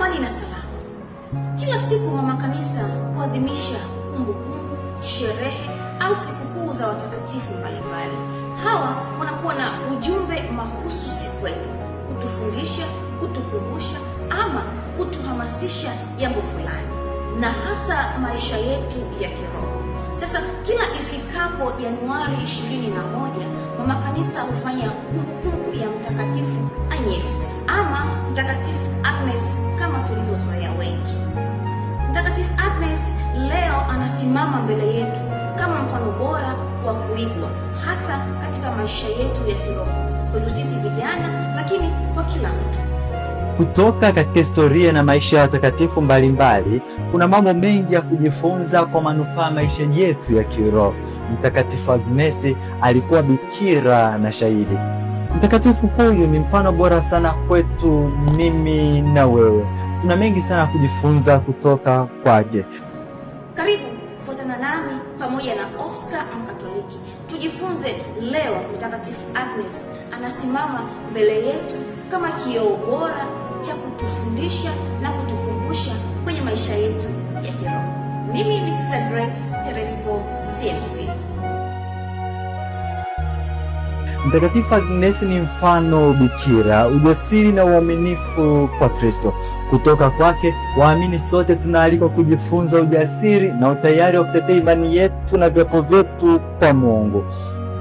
amani na salama. Kila siku mama kanisa huadhimisha kumbukumbu, sherehe au sikukuu za watakatifu mbalimbali. Hawa wanakuwa na ujumbe mahususi kwetu, kutufundisha, kutukumbusha ama kutuhamasisha jambo fulani, na hasa maisha yetu ya kiroho. Sasa kila ifikapo Januari 21 mama kanisa hufanya kumbukumbu ya Mtakatifu Agnes ama Mtakatifu Agnes tulivyozoea wengi. Mtakatifu Agnes leo anasimama mbele yetu kama mfano bora wa kuigwa, hasa katika maisha yetu ya kiroho, kwetu sisi vijana, lakini kwa kila mtu. Kutoka katika historia na maisha ya watakatifu mbalimbali, kuna mambo mengi ya kujifunza kwa manufaa maisha yetu ya kiroho. Mtakatifu Agnesi alikuwa bikira na shahidi. Mtakatifu huyu ni mfano bora sana kwetu mimi na wewe. Tuna mengi sana kujifunza kutoka kwake. Karibu fuatana nami pamoja na Oscar Mkatoliki tujifunze leo. Mtakatifu Agnes anasimama mbele yetu kama kioo bora cha kutufundisha na kutukumbusha kwenye maisha yetu ya kiroho. Mimi ni Sister Grace Teresa CMC. Mtakatifu Agnesi ni mfano bikira, ujasiri na uaminifu kwa Kristo. Kutoka kwake waamini sote tunaalikwa kujifunza ujasiri na utayari wa kutetea imani yetu na viapo vyetu kwa Mungu,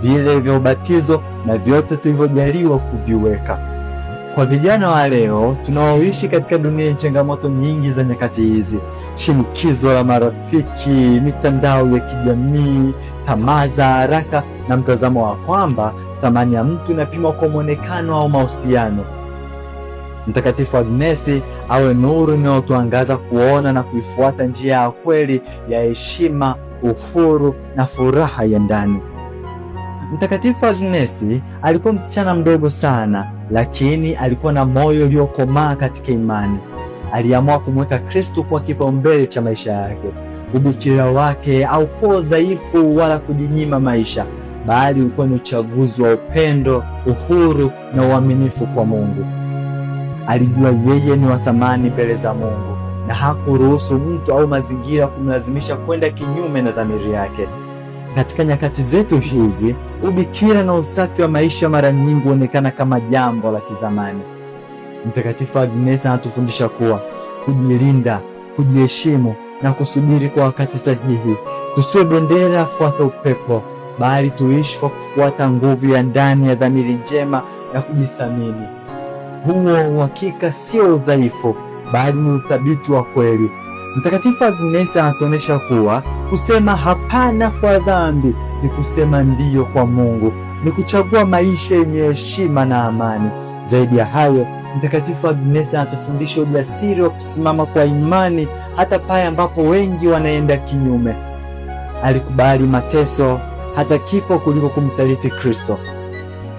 vile vya ubatizo na vyote tulivyojaliwa kuviweka kwa vijana wa leo tunaoishi katika dunia yenye changamoto nyingi za nyakati hizi, shinikizo la marafiki, mitandao ya kijamii, tamaa za haraka na mtazamo wa kwamba thamani ya mtu inapimwa kwa mwonekano au mahusiano. Mtakatifu Agnesi awe nuru inayotuangaza kuona na kuifuata njia ya kweli ya heshima, uhuru na furaha ya ndani. Mtakatifu Agnesi alikuwa msichana mdogo sana lakini alikuwa na moyo uliokomaa katika imani. Aliamua kumweka Kristo kuwa kipaumbele cha maisha yake, ubikira wake au kuwa wala kujinyima maisha, bali ulikuwa ni uchaguzi wa upendo, uhuru na uaminifu kwa Mungu. Alijua yeye ni wa thamani mbele za Mungu na hakuruhusu mtu au mazingira kumlazimisha kwenda kinyume na dhamiri yake. Katika nyakati zetu hizi, ubikira na usafi wa maisha mara nyingi huonekana kama jambo la kizamani. Mtakatifu Agnesa anatufundisha kuwa kujilinda, kujiheshimu na kusubiri kwa wakati sahihi, tusiwe bendera fuata upepo, bali tuishi kwa kufuata nguvu ya ndani ya dhamiri njema ya kujithamini. Huo uhakika sio udhaifu, bali ni uthabiti wa kweli. Mtakatifu Agnesa anatuonyesha kuwa Kusema hapana kwa dhambi ni kusema ndiyo kwa Mungu, ni kuchagua maisha yenye heshima na amani. Zaidi ya hayo, Mtakatifu Agnes anatufundisha ujasiri wa kusimama kwa imani hata pale ambapo wengi wanaenda kinyume. Alikubali mateso hata kifo kuliko kumsaliti Kristo.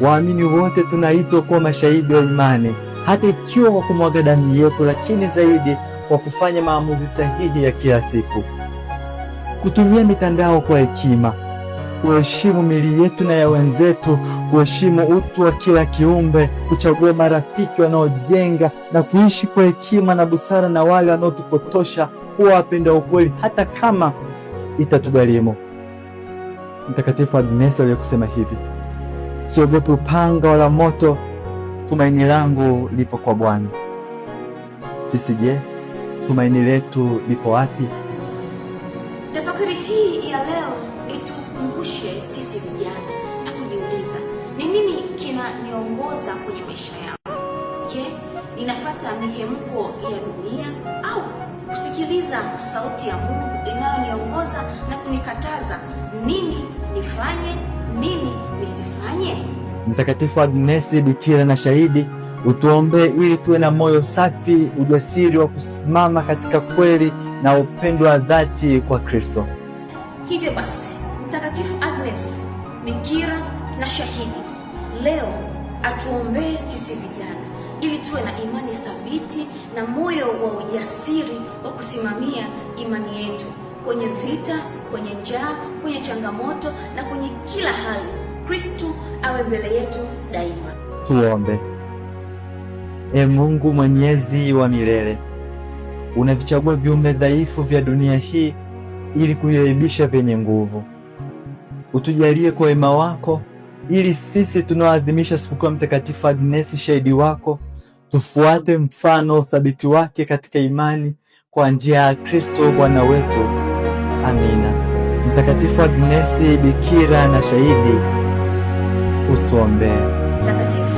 Waamini wote tunaitwa kuwa mashahidi wa imani, hata ikiwa kwa kumwaga damu yetu, lakini zaidi kwa kufanya maamuzi sahihi ya kila siku kutumia mitandao kwa hekima, kuheshimu mili yetu na ya wenzetu, kuheshimu utu wa kila kiumbe, kuchagua marafiki wanaojenga na kuishi kwa hekima na busara na wale wanaotupotosha, kuwa wapenda ukweli hata kama itatugharimu. Mtakatifu Agnes aliyekusema hivi, siogopi upanga wala moto, tumaini langu lipo kwa Bwana. Sisi je, tumaini letu lipo wapi? Tafakari hii ya leo itukumbushe sisi vijana na kujiuliza ni nini kinaniongoza kwenye maisha yangu. Je, ninafuata mihemko ya dunia au kusikiliza sauti ya Mungu inayoniongoza na kunikataza nini nifanye, nini nisifanye? Mtakatifu Agnesi bikira na shahidi Utuombee ili tuwe na moyo safi, ujasiri wa kusimama katika kweli na upendo wa dhati kwa Kristo. Hivyo basi, Mtakatifu Agnes bikira na shahidi, leo atuombee sisi vijana ili tuwe na imani thabiti na moyo wa ujasiri wa kusimamia imani yetu kwenye vita, kwenye njaa, kwenye changamoto na kwenye kila hali. Kristu awe mbele yetu daima. Tuombe. E Mungu mwenyezi wa milele, unavichagua viumbe dhaifu vya dunia hii ili kuyaibisha vyenye nguvu. Utujalie kwa wema wako ili sisi tunaoadhimisha sikukuu ya Mtakatifu Agnesi shahidi wako tufuate mfano uthabiti wake katika imani kwa njia ya Kristo Bwana wetu. Amina. Mtakatifu Agnesi bikira na shahidi, utuombee.